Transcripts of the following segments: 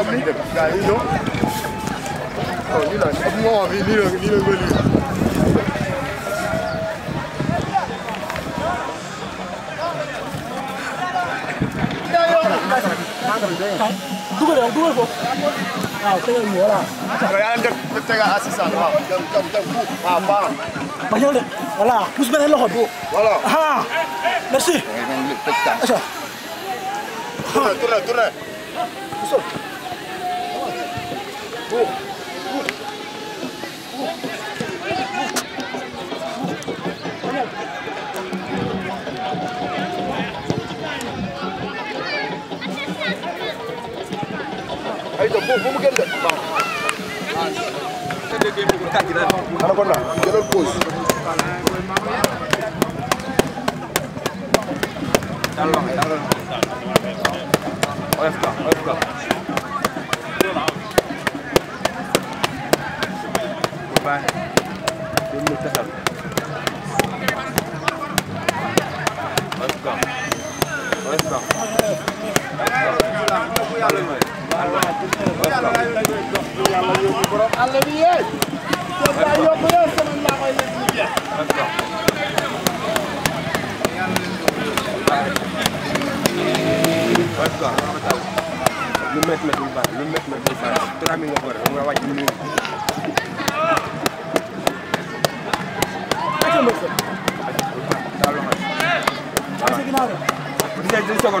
Gari, Dua dua Ah, là, Tourne, tourne, tourne. aizo vuba umugende arakona ngero rwose Oyafuka, oyafuka. Bye.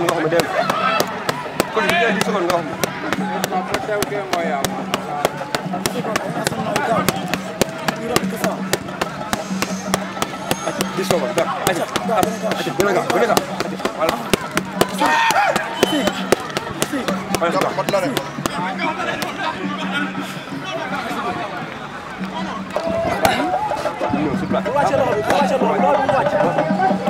secondes nga xam ne dégg nga kon bii 10 secondes nga xam ne. 10 secondes d'accord ayca ayca gën a gaaw gën a gaaw voilà. voilà c'est ça. non c'est pas.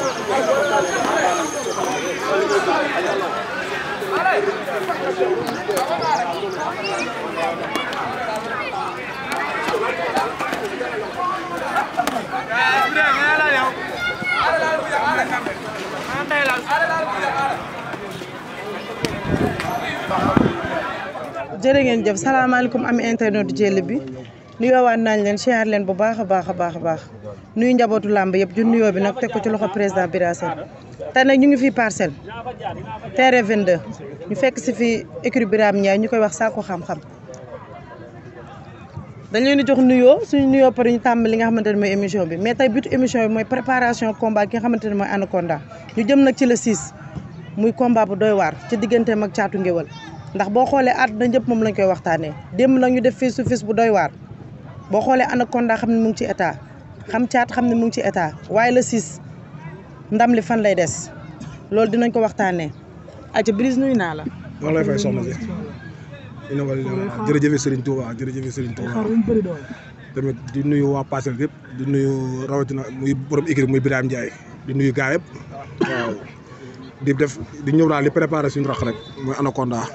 jërë ngeen jëf salaamaaleykum am internet jël bi nuyoowaat nañ leen siyaar leen bu baax a baax a baax a baax nuyu njabootu làmb yëpp ju nuyoo bi nag teg ko ci loxo président Bira Sène tey nag ñu ngi fii parcelle terrain 22 ñu fekk si fii écurie Birame ñaay ñu koy wax sàkku xam-xam dañ leen di jox nuyoo suñu nuyoo pare ñu tàmbali li nga xamante ne mooy émission bi mais tey bitu émission bi mooy préparation combat ki nga xamante ne mooy Anaconda ñu jëm nag ci le 6 muy combat bu doy waar ci digganteem ak caatu ngéwal ndax boo xoolee àdduna ñëpp moom lañ koy waxtaanee démb nag def face to bu doy boo xoolee Anaconda xam ne mu ngi ci état xam caat xam ne mu ngi ci état waaye le six ndam li fan lay des loolu dinañ ko waxtaanee. aca Brise nuyu naa la. maa lay fay soxna si. jërëjëf Serigne Touba jërëjëf Serigne Touba di nuyu waa Parcelles yëpp di nuyu rawatina muy borom équipe muy Birame Ndiaye di nuyu gaa yëpp waaw di def di ñëw daal di préparer suñu rax rek muy Anaconda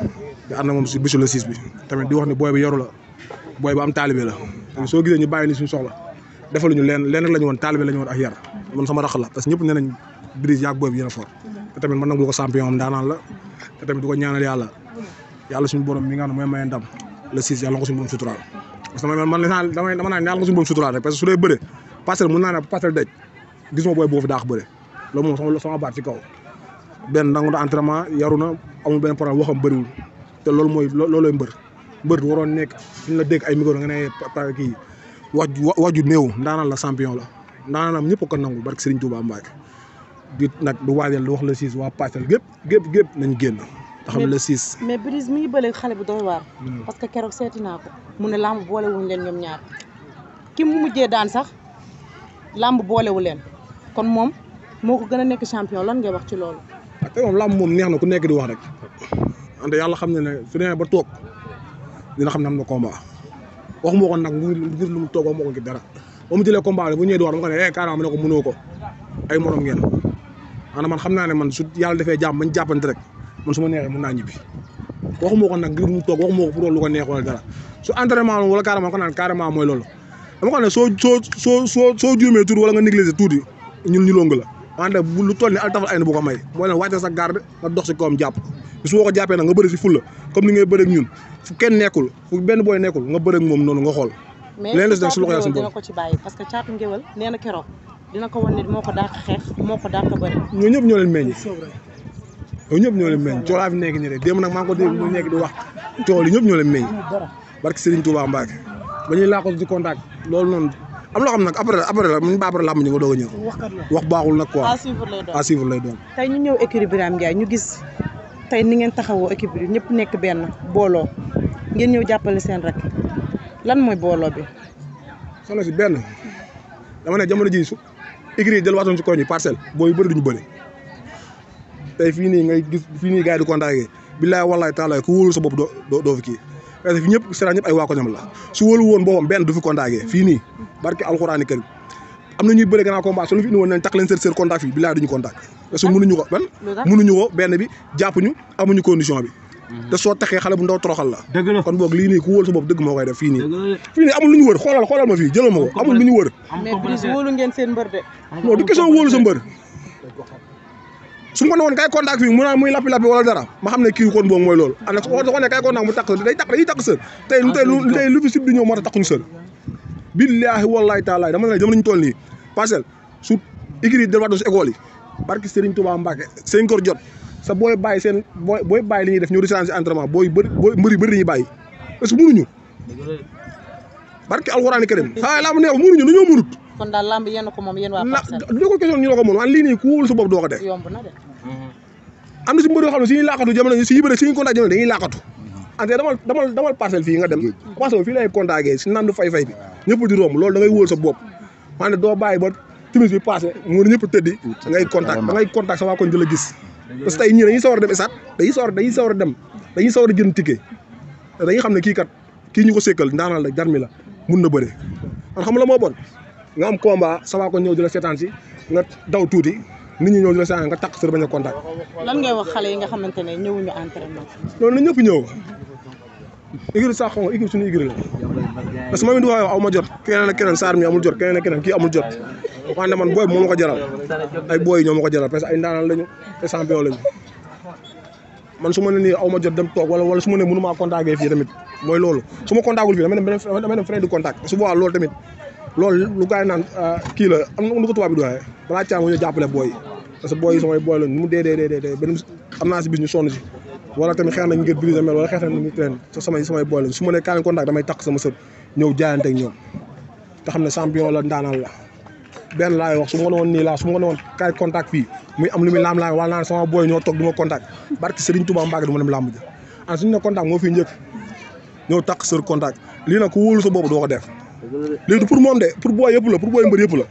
di ànd moom si bisu le six bi tamit di wax ne booy bi yoru la. boy bu am taalibe la so gisé ñu bàyyi ni suñu soxla defal ñu lén lén rek lañu won talibé lañu won ak yar man sama rax la parce que ñëpp nee Brise yak boy bi yéna fort té tamit man nag lu champion am daanal la té tamit duko ñaanal yalla yalla suñu borom mi nga xam moy maye ndam le 6 yalla ko suñu borom sutural parce que man man dama dama naan yàlla nga suñu borom sutural rek parce que su lay bëré passer mu naa passer parcelle daj gisuma boy bo fi daax bëré lo mo sama sama baat ci kaw ben nangu entraînement yaruna na amul benn problème waxam bëriwul te loolu mooy loolooy mbeur mbër waroon nekk suñ la dégg ay micro nga ne pare kii wax wax ju néew ndaanaan la champion la ndaanaanam ñëpp ko nangu barke Serigne Touba Mbacke di nag du waajal di wax le six waa Parcelles gépp gépp gépp nañ génn. te xam le six. mais Brise mi ngi bële xale bu doy waar. Hmm. parce que keroog seeti naa ko. mu ne làmb boolewuñ leen ñoom ñaar ki mu mujjee daan sax làmb boolewu leen kon moom moo ko gën a nekk champion lan ngay wax ci loolu. Ah, te moom làmb moom neex na ku nekk di wax rek. wante yàlla xam na ne su demee ba toog. dina xam ne am na combat waxuma ko nag ngir nguur lu mu toog waxuma ko ngir dara ba mu jëlee combat bi bu ñëwee di wax dama ko ne eh carrément ma ne ko mënoo ko ay morom ngeen maanaam man xam naa ne man su yàlla defee jàmm bañ jàppante rek man su ma neexee mën naa ñibbi waxuma ko nag ngir mu toog waxuma ko pour lu ko neex wala dara su entraînement wala carrément ko naan carrément mooy loolu dama ko ne soo soo soo soo soo juumee tuuti wala nga négliger tuuti ñun ñu longu la anda bu lu toll ni al tafal sa garde nga dox si kawam jàpp bis boo ko ngay bëri ak ñun fu kenn nekkul fu benn booy nekkul nga moom noonu nga xool leen la si su parce que caatu ngéwal nee keroog dina ko wan ne moo ko dàq xeex moo ko dàq bëri ñoo ñëpp ñoo leen meññ ñoo ñëpp ñoo leen meññ coolaa fi nekk nii rek démb nag maa ngi ko dégg nekk di wax cool yi ñëpp ñoo leen meññ barke Serigne Touba Mbacke ba ñuy laa di contact loolu noonu am loo xam nag après après la mun ba après làmb ñu nga doog a ñëw wax baaxul nag quoi à suivre lay doon tey ñu ñëw écurie Birame Ndiaye ñu gis tey ni ngeen taxawoo équipe bi ñëpp nekk benn booloo ngeen ñëw jàppale seen rek lan mooy booloo bi soxna si benn dama ne jamono ji su écurie jël waatoon si koñ yi parcelle booy bëri duñu bëri tey fii nii ngay gis fii nii gars di contacté billaay wallaay taalaay ku wóolu sa bopp doo doo fi kii parce que ñëpp sera ñëpp ay waa koñam la su wóolu woon boppam benn du fi contagé fii nii barke alxuraani kër am na ñuy bëre gëna combat suñu fi ñu won nañ tak leen sër seen contact fii bilaay duñu contact parce que mënuñu ko ban mënuñu ko benn bi japp jàppuñu amuñu condition bi da mhm. so taxé xalé bu ndaw toroxal la kon bok li ni ku wóol su bop deug mo koy def fi ni fi ni amul luñu wër xolal xolal ma fi jëlal ma ko amul lu wër mais wóolu ngeen seen mbeur de non du question wóolu sa mbeur su ma ko ne kay contact fii mu na muy lapi lapi wala dara ma xamne ki kii kon boobu mooy loolu ànd ko ko ne kay contact mu tak day tak day tak seul tay lu tay lu ah, tay lu fi sib di ñëw moo tax seul billahi wallahi taala dama lay dama ñu tolni parcel su igri de dos école barki Serigne Touba mbake seigne kor jot sa boy baye sen boy baye li ñuy def ñu recensé entraînement boy boy mbeuri mbëri ñi baye ñuy bàyyi parce que mënuñu barki alcorane karim xaa la mu neex mënuñu ñu mënut kon da lamb yenn ko mom yenn wa parcel na ko question ñu la ko mën an li ni ku wul su bop do ko def yomb na def am na si mbër yoo xam ne suñuy laqatu jamono si yibëre suñu contact jamono dañuy laqatu ante damal damal damal parcelle fii nga dem parcelle fii lay contacté si naan du fay fay bi ñëpp di romb loolu da ngay wóol sa bopp maa ne doo bàyyi ba timis bi passé mu ne ñëpp tëddi da ngay contact da ngay contact sama koñ di la gis parce que tey ñii dañuy sawar a dem esat dañuy sawar dañuy sawar a dem dañuy sawar a jënd ticket dañuy xam ne kii kat kii ñu ko sékkal ndaanal la jar mi la mun na bëre man xam la moo bon nga am combat sama koñ ñëw di la seetaan si nga daw tuuti nit ñi ñëw di la sànq nga takk sër bañ a contact. lan ngay wax xale yi nga xamante ne ñëwuñu entraînement. non na ñëpp ñëw igri sax xaw ma suñu igri la parce que ma di wax aw ma jot keneen ak keneen saar mi amul jot keneen ak keneen kii amul jot wante man booy moo ma ko jaral ay booy ñoo ma ko jaral parce que ay ndaanaan lañu te champion lañu man su ma ne nii aw ma jot dem toog wala wala su ma ne mënu maa contacté fii tamit mooy loolu su ma contactul fii damay dem damay dem frais de contact su boobaa loolu tamit loolu lu gars naan euh, kii la am na lu ko tubaab bi balaa caamu ñu jàppale booy parce que booy yi samay booy nu mu dee dee dee dee benn am naa si bis ñu sonn si wala tamit xeex nañ ngir brise mel wala xeex nañ ngir su ma nee kaa leen contact damay takk sama sët ñëw jaayante ak ñoom te xam ne champion la ndaanaan la benn laay wax su ma ko newoon nii laa su ma ko newoon kaay contact fii muy am lu muy laam laam wala naan ma contact barke Serigne Touba Mbacke du ma dem làmb ji en suñu ne contact moo fi njëkk ñëw takk sër contact lii nag ku wóolu sa boobu doo ko def léegi du moom de pour booy yëpp la pour booy mbër yëpp la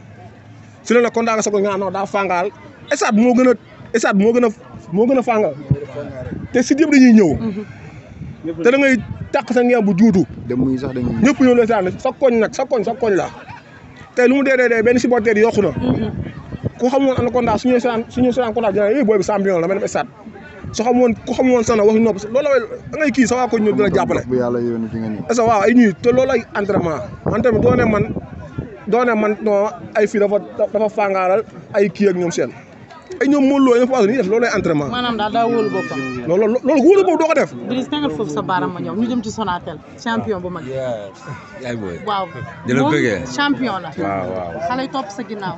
su ne daa nga soog a nga non daa fàngaal esaat moo gën esaat moo gën a moo gën a fàngaal te si yëpp dañuy ñëw te da ngay tàq sa ngeen bu juutu ñëpp ñëw la saan sa koñ nag sa koñ sa koñ la tey lu mu dee dee dee benn supporter yi yokku na mm-hmm. ku xamoon Anaconda suñu suñu seetaan Anaconda dina eh, booy bi champion la ma dem esaat su xam woon ku xam woon sax na waxuñu nopp loolu la ngay kii sa waa ko ñëw dina jàppale. est-ce que waaw ay ñuy te loolu ay entraînement entraînement doo ne man doo ne man non ay fii dafa dafa ay kii ak ñoom seen. ay ñoom Modou Lo ñoom Fapal dañuy def loolu lay entraînement. maanaam daal daa wóolu loolu loolu wóolu boobu doo ko def. Brice tegal foofu sa baaraam ma ñëw ñu jëm ci Sonatel champion bu mag. yaay booy. waaw moom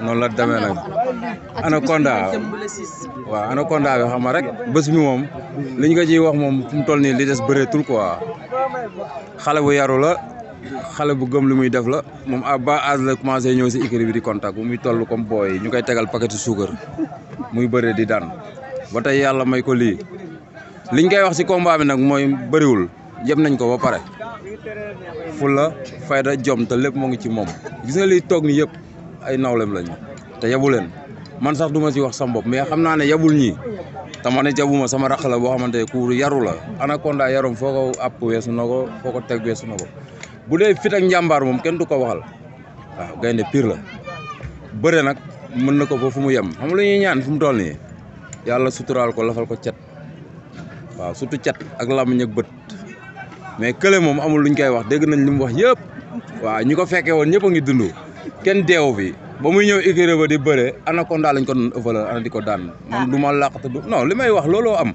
noonu la demee nag Anaconda waaw Anaconda bi xam nga rek bés bi moom li ñu ko ciy wax moom fu mu toll nii li des bëreetul quoi xale bu yaru la. xale bu gëm lu muy def la moom à bas âge la ñëw si écurie bi di contact bu muy toll comme booy ñu koy tegal paquet suukar muy bëre di daan ba tay yalla may ko li liñ koy wax ci combat bi nag mooy bëriwul yëpp nañ ko ba pare fulla fayda jom te lepp mo ngi ci mom gis nga li tok ni yëpp ay nawlem lañu te yabulen man sax duma ci wax sam bop mais xamna naa ne yabul ñi te ma ne jabuma sama rax la bo xamanté ku yaru la anaconda yarom foo ko àpp weesu na ko foo ko bu fit ak njambar mom du ko waxal waaw gayne pire la nak mën na ko ba fu mu yem xam lu ñuy ñaan fu mu toll nii yàlla suturaal ko lafal ko cat waaw sutu cat ak lam ak bët mais kële moom amul luñ koy wax dégg nañ li mu wax yëpp waaw ñi ko fekkee woon ñëpp a ngi dund kenn deewu fi ba muy ñëw écurie ba di bëre ana kondaa lañ ko doon ëffalal ana di ko daan man ah. du ma làqatu du non li may wax looloo am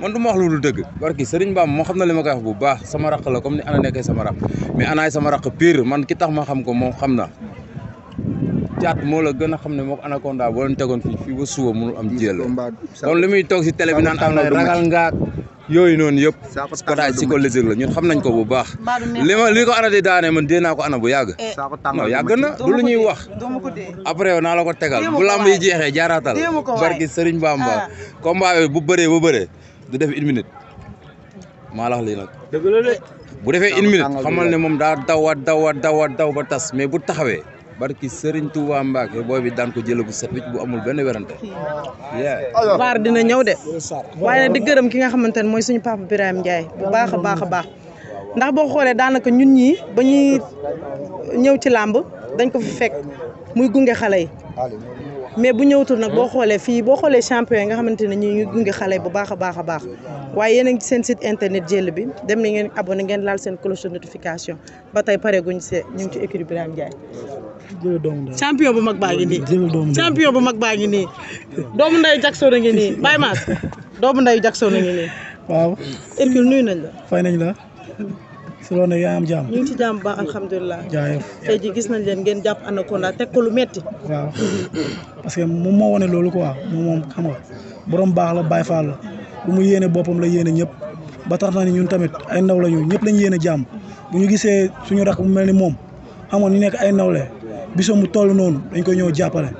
man du ma wax loolu dëgg barki sëriñ Bam moo xam na li ma koy wax bu baax sama raq la comme ni ana nekkee sama raq mais anaay sama raq pire man ki tax ma xam ko moom xam na caat moo la gën a xam ne moo ko anaconda boo leen tegoon fii fii ba suba mënul am jël kon li muy toog si télé bi naan am na ragal ngaak yooyu noonu yëpp parce que daay psychologique la ñun xam nañ ko bu baax li ma li ko arrêté daane man dee na du lu ñuy wax après naa la ko tegal bu lamb yi jeexee jaaraatal barki Sëriñ Bamba ah. combat bi bu bëree bu bëree du def une la wax lii nag bu defee une minute xamal ne moom daa daw a daw a daw ba tas mais bu taxawee barki Serigne Touba Mbacke booy bi daan ko jëlee bu set bu amul benn werante. waar dina ñëw de. waaye nag di gërëm ki nga xamante ne mooy suñu papa Birame Ndiaye bu baax a baax a baax ndax boo xoolee daanaka ñun ñii ba ñuy ñëw ci làmb dañ ko fi fekk muy gunge xale yi. mais bu ñëwtul nag boo xoolee fii boo xoolee champion yi nga xamante ne ñi ngi gunge xale bu baax a baax a baax waaye yéen a ngi seen sit internet jël bi dem na ngeen abonné ngeen laal seen cloche de ba tey pare guñ ñu ngi ci écurie Birame Ndiaye champion bu mag baa ngi nii bu mag baa ngi nii doomu nday Jackson a ngi nii Baye Mass doomu nday Jackson a ngi nii. waaw Hercule nuyu nañ la. fay nañ la. si loolu nag am jàmm. ñu ba alhamdulilah. jaayef tey gis nañ leen ngeen jàpp Anaconda teg ko lu metti parce que moom moo wane loolu quoi moom moom xam nga borom baax la Baye Fall mu yéene boppam la yéene ñëpp ba na ni ñun tamit ay ndaw la ñu ñëpp lañ yéene jàmm ñu gisee suñu rakk mu mel ni moom amoon ñu nekk ay ndawle bisom bu toll noonu dañ koy ñëw jàppale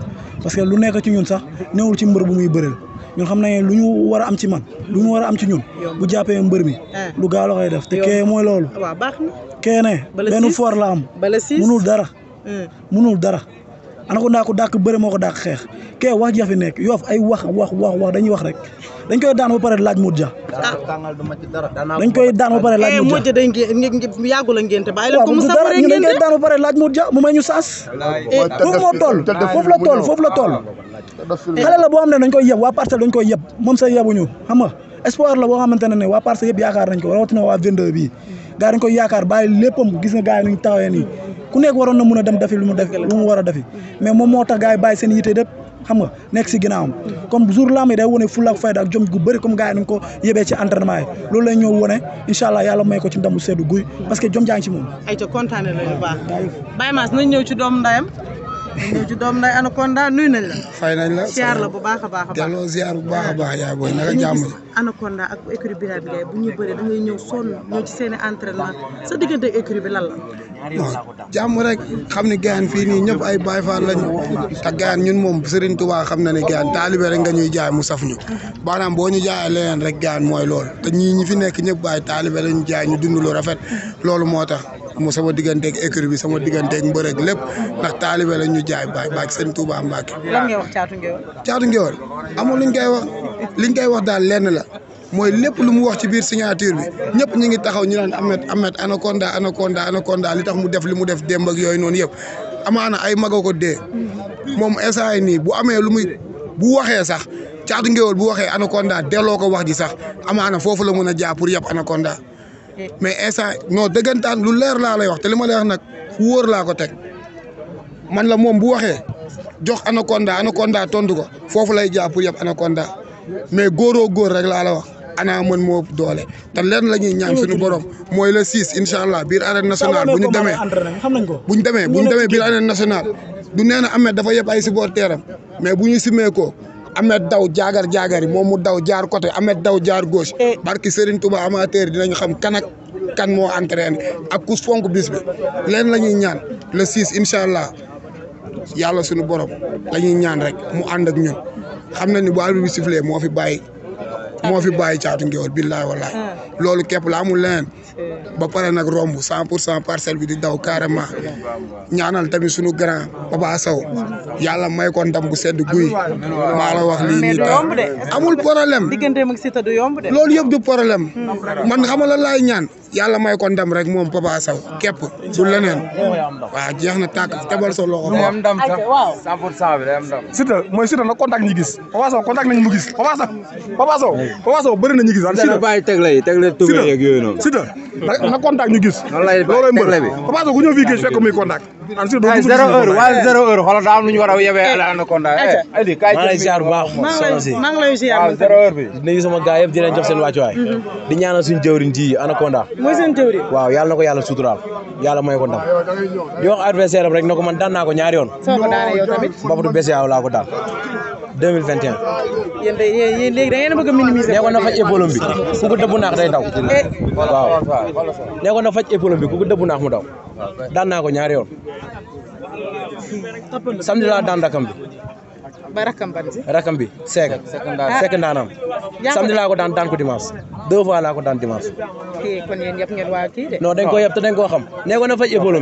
parce que lu nekk ci ñun sax newul ci mbër bu muy bëreel ñun xam nañ lu ñu war am ci man lu ñu war a am ci ñun bu jàppee mbër mi ah. lu gaaw la koy def te kee mooy loolu ah, kee ne benn for la am munul dara hmm. munul dara Anaconda ku dàq bëre moo ko dàq xeex kee wax jafe nekk Yoff ay wax wax wax wax dañuy wax rek dañ koy daan ba pare laaj Modou Dia. dañ koy daan ba pare laaj Modou Dia koy eh, yàggu la ngénte bàyyi la ko mu sax rek ngénte dañ koy daan ba pare laaj Modou Dia mu may ñu saas eh, foofu moo toll foofu la toll foofu la toll xale la boo xam ne dañ koy yeb waa parcelle dañ koy yeb moom sa yebuñu xam nga espoir la boo xamante waa parce yëpp yaakaar nañ ko rawatina waa 22 bii gars dañ koy yaakaar bàyyi léppam gis nga gars yi nuñ ku nekk waroon na mun a dafi lu mu war a dafi mais moom moo tax gars yi seen yite dëpp xam nekk si ginnaawam comme jour lamb day wone fulla ak fayda ak jom gu bëri comme gars yi ko yebee ci entraînement loolu la ñoo wone incha allah yàlla may ko ci ndamu seddu guy parce que jom jaa ci moom ay ca kontaane la ñu ñëw ci doom nday Anaconda nuyu nañ la. fay nañ la ziar la bu baax a baax a baax delloo ziar bu baax a baax yaay booy naka jàmm ji. Anaconda ak écurie Bira bi bu ñuy bëree da ngay ñëw sonn ñëw ci seen i entraînement sa diggante écurie bi la. non jàmm rek xam ni gaan fii nii ñëpp ay Baay Faal lañu te gaan ñun moom Serigne Touba xam na ne gaan taalibee rek nga ñuy jaay mu saf ñu. maanaam boo ñu jaayee leneen rek gaan mooy loolu ñii ñi fi nekk ñëpp ay taalibe lañu jaay ñu dund lu rafet loolu moo tax mu sama digganteeg écurie bi sama digganteeg mbeur ak lepp ndax talibé la ñu jaay baay baak seigne Touba Mbacke. lan ngay wax wax Ngéwél. ngey wax amul liñ koy wax liñ koy wax daal lenn la. moy lepp lu mu wax ci biir signature bi ñepp ñi ngi taxaw ñu naan Ahmed Ahmed anaconda anaconda anaconda li tax mu def li mu def demb ak yoy non yëpp amana ay maga ko dee moom instant bu amé lu muy bu waxé sax ngey wax bu waxé anaconda delloo ko wax di sax amana fofu la mëna jaa pour yëpp anaconda mais instant non dëggantaan lu leer laa lay wax te li ma lay wax nag fu wóor laa ko teg man la moom bu waxee jox anaconda anaconda tontu ko foofu lay jàpp yëpp anaconda mais góoroo góor rek laa la wax ana mën moo doole te leen la ñuy ñaan suñu borom mooy le 6 incha allah biir arène nationale bu ñu demee bu ñu demee bu ñu demee biir arène nationale du nee na Ameth dafa yëpp ay supporteram mais bu ñu simee ko Ahmed Daw jaagar jaagar moom mu daw jaar côté Ahmed Daw jaar gauche eh. barki Serigne Touba amateur dinañu xam kan ak kan moo entraîné ak ku fonk bis bi leen la ñuy ñaan le 6 incha allah yàlla suñu borom la ñaan rek mu ànd ak ñun xam na ni bu arbitre bi sifflé moo fi bàyyi. moo fi bàyyi caatu ngeewal billaay wallaay ah. loolu képp la amul leneen eh. ba pare nag romb cent pour cent parcelle bi di daw carrément ñaanal tamit sunu grand Papa Sow yàlla may ko ndam bu sedd guy maa la wax lii nii amul problème loolu yëpp du problème hmm. man xamala laay ñaan yàlla may ko ndam rek moom Papa Sow képp du leneen na tàkk tebal sa loxo. day am ndam sax 100% bi day am ndam. Siteu mooy Siteu nag contact ñi gis Papa na ñu gis daal. Siteu bàyyi tegle yi tegle tuuti yeeg yooyu noonu. ay zéro heure waaye zéro heure xoolal daa am lu ñu war a yebee Anaconda eh, eh, eh, ay di kaay maa zéro heure bi nuyu sama gars yëpp di leen jox seen wàccuwaay mm-hmm. di ñaanal suñu jëwriñ ji Anaconda mooy seen jëwriñ waaw yàlla na ko yàlla suturaal yàlla may ko ndam di adversaire am rek na ko man daan naa ko ñaari yoon soo ko daanee yow tamit mbapatu laa ko daan 2021 yéen day a minimiser nee ko na faj épaule bi ku ko dëbb naax day daw waaw na faj épaule bi ku ko dëbb mu daw daan naa ko ñaari yoon samedi laa ba rakam ban si. rakam bi Seck. Seck ah, ndaanam ah, samedi laa ko daan daan ko dimanche deux fois laa ko daan dimanche. kii kon yéen yëpp ngeen waa kii de. non koo yëpp te dañ koo xam. na faj épaule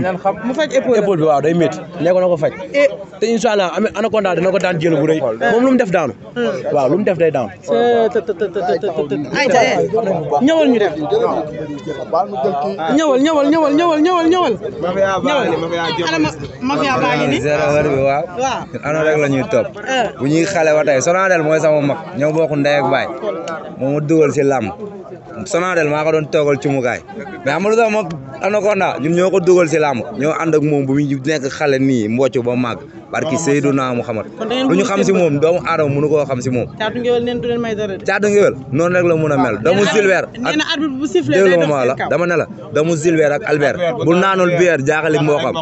mu faj épaule bi waaw day métti nee ko na ko faj. E te incha allah am ko daan jël bu rëy. moom lu mu def daanu. Hmm. waaw lu mu def day daanu. ñëwal ñu def. ñëwal ñëwal ñëwal ñëwal ñëwal ñëwal. mafia baa ngi nii mafia baa ngi nii. waaw. ana rek la ñuy topp. bu ñuy xale ba tey Sonadel mooy sama mag ñoo bokk ndey ak moo ma dugal si làmb Sonadel maa ko doon toogal ci mukaay mais xam nga lu tax ma Anaconda ñun ko dugal si làmb ñoo ànd moom bu ñu nekk xale nii mbocc ba màgg barki sayyiduna muhammad lu xam ci mom doomu adam mënu ko xam ci mom ciatu ngeewal neen du leen may dara ciatu ngeewal non rek la mëna mel doomu silver neena arbitre bu sifflé day dama la dama ne la doomu eh, silver ak albert bu nanul bière jaaxali mo xam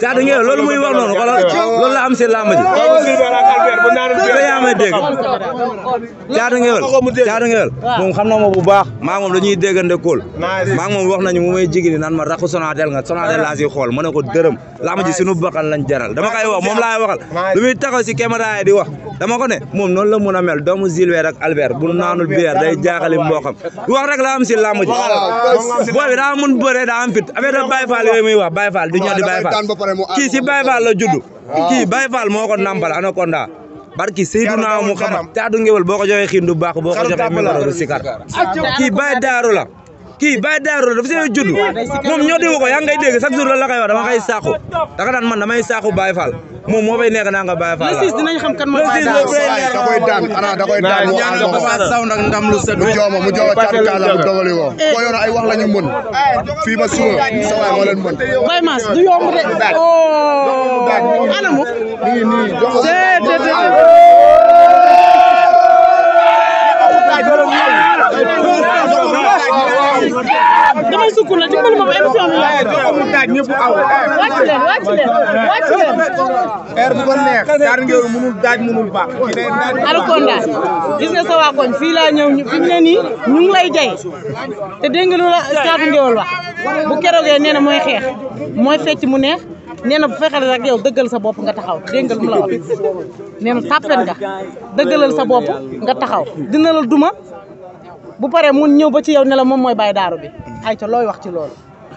ciatu ngeewal lolou muy wax non xolal loolu la am ci lamb ji doomu silver ak albert bu nanul bière ya may deg ciatu ngeewal ciatu ngeewal mom xam na mo bu baax ma mom dañuy degande kool ma mom wax nañu mu may jigini nan ma rakku sonatel nga sonatel la ci xol mané ko deureum lamb ji suñu bakkan lañ jaral dama kay wax mom la laay waxal lu taxaw si caméra yi di wax dama ko ne la mel doomu Zilwer ak Albert bu naanul bière day jaaxali mboqam wax rek la am si làmb ji booy bi mun bëre daa am fit muy wax di ñëw di Baye Fall la judd kii Baye Fall moo ko nàmpal Anaconda barki Seydina Muhammad taatu ngewal boko joxe xindu bax boko joxe boo ko sikar la ki Baye Darou dafa seen judd mom ñoo dégg ko ya ngay dégg sax jour la la koy wax dama kay saxu da nga naan man damay saxu Baye Fall mom mo bay neex na nga Baye Fall la dinañ xam kan mo Baye Darou da koy daan ana da koy daan mu ñaan ko fa saw nak ndam lu sedd jooma mu jowa ci kala mu dogale wo ko yoro ay wax lañu mën fi ba su sa way mo leen mën bay Mass du yomb de oh ana mo ni ni jox damay sukkur la dimbali ma ba émission bi la. waaw eh, mu taaj ñëpp aw. wàcc leen wàcc leen wàcc leen. heure bu ko neex. jaar ngeen mënul daaj mënul baax. Alkonda gis nga sa waa koñ fii laa ñëw fi mu ne nii ñu ngi lay jay te dégg nga lu la Caatu Ngéwél wax bu keroogee nee na mooy xeex mooy fecc mu neex. nee na bu fekkee rek yow dëggal sa bopp nga taxaw dégg nga la wax nee na nga dëggalal sa bopp nga taxaw dina la duma bu paree mun ñëw ba ci yow ne la moom mooy Baye Darou bi mm. ay ca wax ci loolu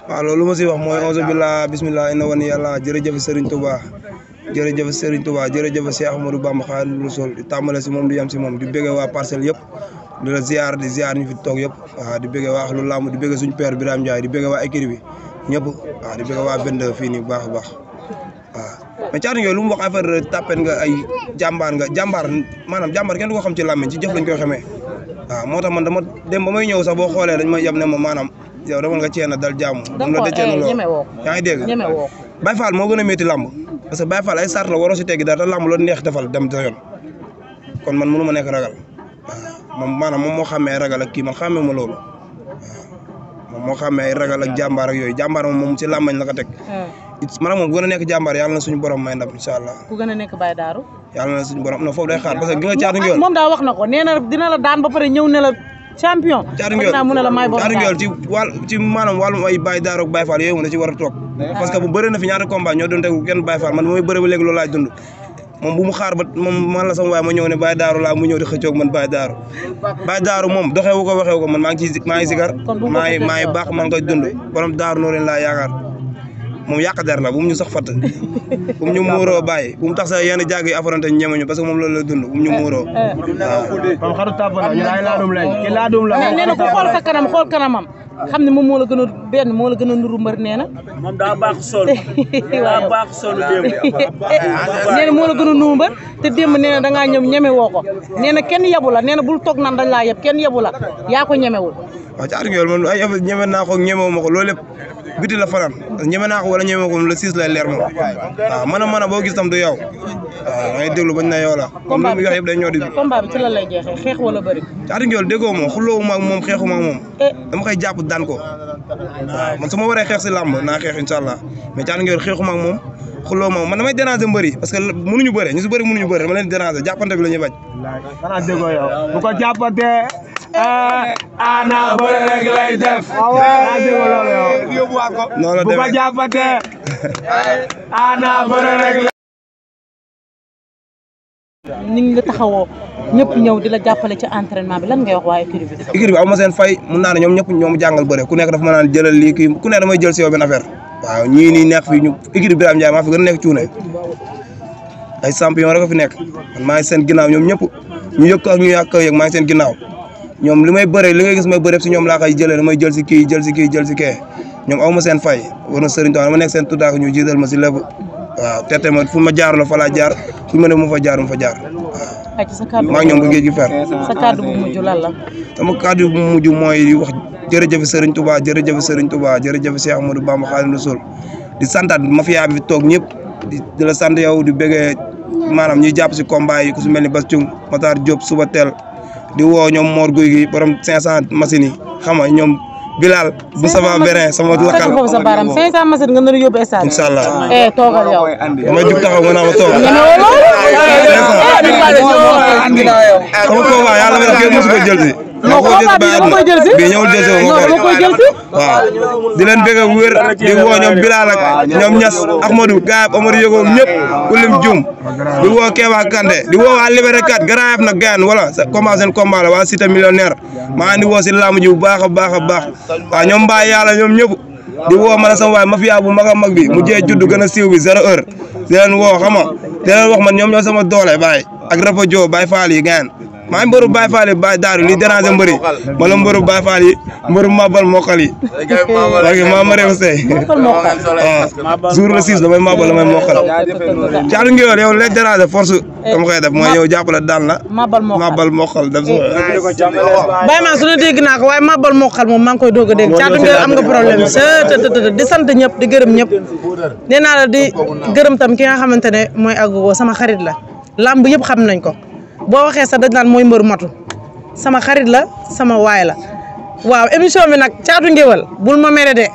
waaw loolu ma si wax mooy onze billah bismillah inna wani yàlla jërëjëf Serigne Touba jërëjëf Serigne Touba jërëjëf Cheikh Ahmadou Bamba Khadimu Rasul di tambale si moom di yem si moom di bëgge waa parcelle yëpp di ziar di ziar ñu fi toog yëpp waa di bëgge waa Ahlou Lamb di bëgge suñu père Birame Ndiaye di bëgge waa équipe bi ñëpp waaw di bëgge waa bend fii nii bu baax a baax waaw mais Thiatou Nguéweul lu mu wax affaire tappen nga ay jàmbaar nga jàmbaar maanaam jàmbaar kenn du ko xam ci ci jëf lañ koy xamee waaw moo tax man dama dem ba may ñëw sax boo xoolee dañ ma yab ne ma maanaam yow demal nga cee na dal jàmm. da nga eh, ngi dégg. ñeme woo Baye Fall moo gën a métti làmb parce que Baye Fall ay sart la waroo si teggi dara te làmb la neex defal dem sa yoon kon man mënu ma nekk ragal waaw moom maanaam moom moo xàmmee ragal ak kii man xàmmee ma loolu waaw moom moo xàmmee ragal ak jàmbaar yooyu jàmbaar moom moom si la ko teg. Hmm. man ak moom ku gën a nekk jàmbaar yàlla na suñu borom may ndam incha allah. ku gën a nekk Baye Darou. yàlla na suñu borom non foofu day xaar parce que gi nga caatu ah, ngeewal moom daa wax na ko nee na dina la daan ba pare ñëw ne la champion. caatu ngeewal mun na la may borom caatu ngeewal ci wàll ci maanaam wàllum ay Baye Darou ak Baye Fall yooyu moom da ci war a toog. parce que bu bëree na fi ñaari combat ñoo doon tegu kenn Baye Fall man bu may bëree ba léegi loolu laay dund moom bu mu xaar ba moom man la sama waaye ma ñëw ne Baye Darou laa mu ñëw di xëccoog man Baye Darou Baye Darou moom doxewu ko waxewu ko man maa ngi ci maa ngi sikar maa ngi maa ngi baax maa ngi koy dund borom Darou noo leen laa yaakaar moom yàq der la bu mu ñu sax fatt bu mu ñu muuroo bàyyi bu mu tax sa yenn jàgg yi afronté ñu ñemuñu parce moom loolu la dund bu mu ñu eh, muuroo eh. waaw. kon xaru tàpp na ñu laay laadum lañ. ki laadum la nee na ku xool sa kanam xool kanamam. xam ne moom moo la gën a benn moo la gën a nuru mbër nee na. moo la gën te démb na da ngaa ñëw ñeme woo ko kenn la nee na bul toog nan dañ laa ken kenn yebu la yaa ko ñemewul. waaw ci àdduna man ay ñeme ko ñemewu ma ko loolu lépp biti la naa ko wala ñeme a a boo gis tam du yow waaw ma ngi déglu bañ na yow la. combat bi wax yëpp day ñoo di bi combat bi ci lan lay jeexee xeex wala bëri. ci àdduna déggoo ma xulóowu ma ak moom xeexu ma ak moom eh. daan ko waaw man su ma waree xeex si làmb naa xeex incha allah mais Thiatou Nguéweul xeexuma ak moom xuloo moom man damay déranger mbëri parce que mënuñu bëre ñu si bëri mënuñu bëre dama bu ko jàppante. Eh, ana bëri rek ah bu ko jàppante. Eh, ana ni nga taxawoo ñëpp ñëw di la jàppale ci entraînement bi lan ngay wax waaye écurie bi. écurie seen fay mun naa ne ñoom ñëpp ñoom jàngal bëre ku nekk dafa ma naan jëlal lii kii ku nekk damay jël si yow benn affaire. waaw neex fii ñu écurie Birame Ndiaye maa fi gën nekk cuune ay champion rek a fi nekk maa ngi ginnaaw ñoom ñëpp ñu yëg ko ñu yàq ko yëg maa ginnaaw ñoom li may bëree li ngay gis may bëree si ñoom laa koy jëlee damay jël si kii jël si kii jël si kee ñoom aw ma seen fay war na sëriñ Tuubaa nekk seen tuddaak ñu jiital ma si lépp waaw tete ma fu ma jaar la fa laa jaar fu ma ne mu fa jaar mu fa jaar waaw maa ngi ñoom ba géej gi fer sa kàddu bu mujj lan la sama kàddu bu mujj mooy wax jërëjëf Serigne Touba jërëjëf Serigne Touba jërëjëf Cheikh Amadou Bamba Xaadimu Rasuul di santaat mafia bi toog ñëpp di la sant yow di bëggee maanaam ñuy jàpp si combat yi ku si mel ni Bass Thioung Matar Diop suba teel di woo ñoom Mor Guy gi borom 500 machines yi xam nga ñoom Bilal bu sama bere sama lakkal foofu sa baram 500 machine nga nar yob yóbbu inshallah eh togal yow ma jug taxaw nga naa ma toog sama ko wa yalla def kenn musu ko jël bi non ko jël bi dama koy jël bi ñew jël si non dama koy jël si waaw di len bega wër di wo ñom Bilal ak ñom ñass Ahmadou Gaab Amadou Yogo ñëpp ulim Dioum di wo Kéba Kanté di wo wa Liberté kat garaaf nag gaan wala commencé seen combat la waa cité millionnaire ma andi wo ci lamu ju baaxa baaxa a baax waaw ñoom Baye yàlla ñoom ñëpp di woo ma ne sama waay mafia bu mag a mag bi mu jee judd gën a siiw bi zéro woo xam nga di wax man ñoom ñoo sama doole Baye ak Rafa joo baay Fall yi gaan maa ngi mbëru Baye Fall yi Baye Daaru li déranger mbër yi wala mbëru Baye Fall yi mbëru ah, koy def mooy yow jàppale daan la. Mabal Mokal Mabal Mokal dem ma su ne dégg naa ko waaye Mabal Mokal moom maa ngi koy doog a dégg Thiatou Nguéweul am nga problème sa di sant ñëpp di gërëm ñëpp nee naa di gërëm tam ki nga xamante ne mooy Agogo sama xarit la lamb yëpp xam nañ ko boo waxee sa dañ naan mooy mbër matu sama xarit la sama waay la waaw émission bi nag caatu ngéwal bul ma mere de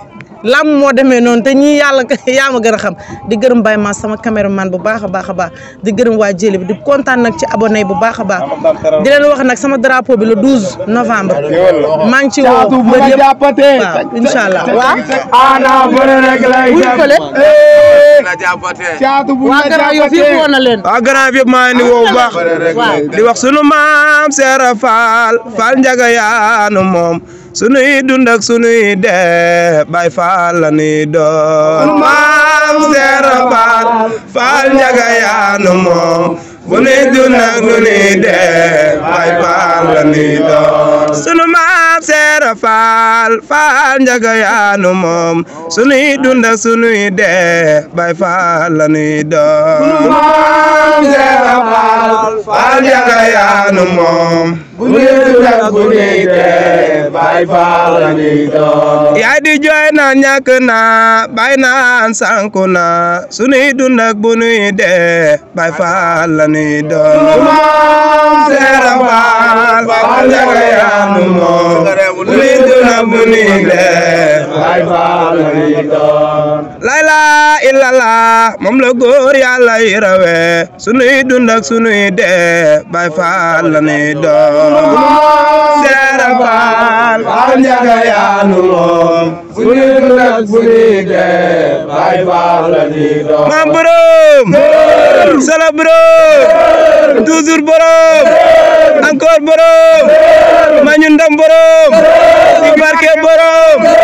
làmb moo demee noonu te ñii yàlla yaa ma garaxam di gërëm Baye Mass sama caméraman bu baax a baax a baax di gërëm waa Jëli bi di kontaan nag ci abonné bu baax baax di leen wax nag sama drapeau bi le 12 novembre maa ngi ci woo ba allah waaw. ana bëre eh. waa garaaw yow fii woon na leen. waa garaaw yëpp maa ngi woo baax di wax sunu maam Seera Faal Faal Njaga yaanu moom. sunuy dund ak sunuy dee Baay Faal la nuy doon maam seera faal faal njaga yaanu moom bu nuy dund ak nu nuy dee Baay Faal la nuy doon sunu maam seera faal faal njaga yaanu moom sunuy dund ak sunuy dee Baay Faal la nuy doon sunu maam seera faal faal njaga yaanu moom bu ñuy ak bu ñuy dee Baay Faal la ñuy doon. di jooy naan ñàkk naa bay naan sànku naa sunuy dund ak bu ñuy dee Baay Faal la ñuy doon. sunu maam Seera Faal Faal Njaga yaa nu moom bu ñuy dund ak bu ñuy dee. Baay Faal lañuy doon lay laa illallah moom la góor yàlla yi rawe sunuy dund ak sunuy dee Baay Faal lañuy doon seera Faal Faal njaga yaanu moom sunuy dund ak sunuy dee Baay Faal lañuy doon maam borom sala borom toujours borom encore borom ma ñu ndam borom ci barke borom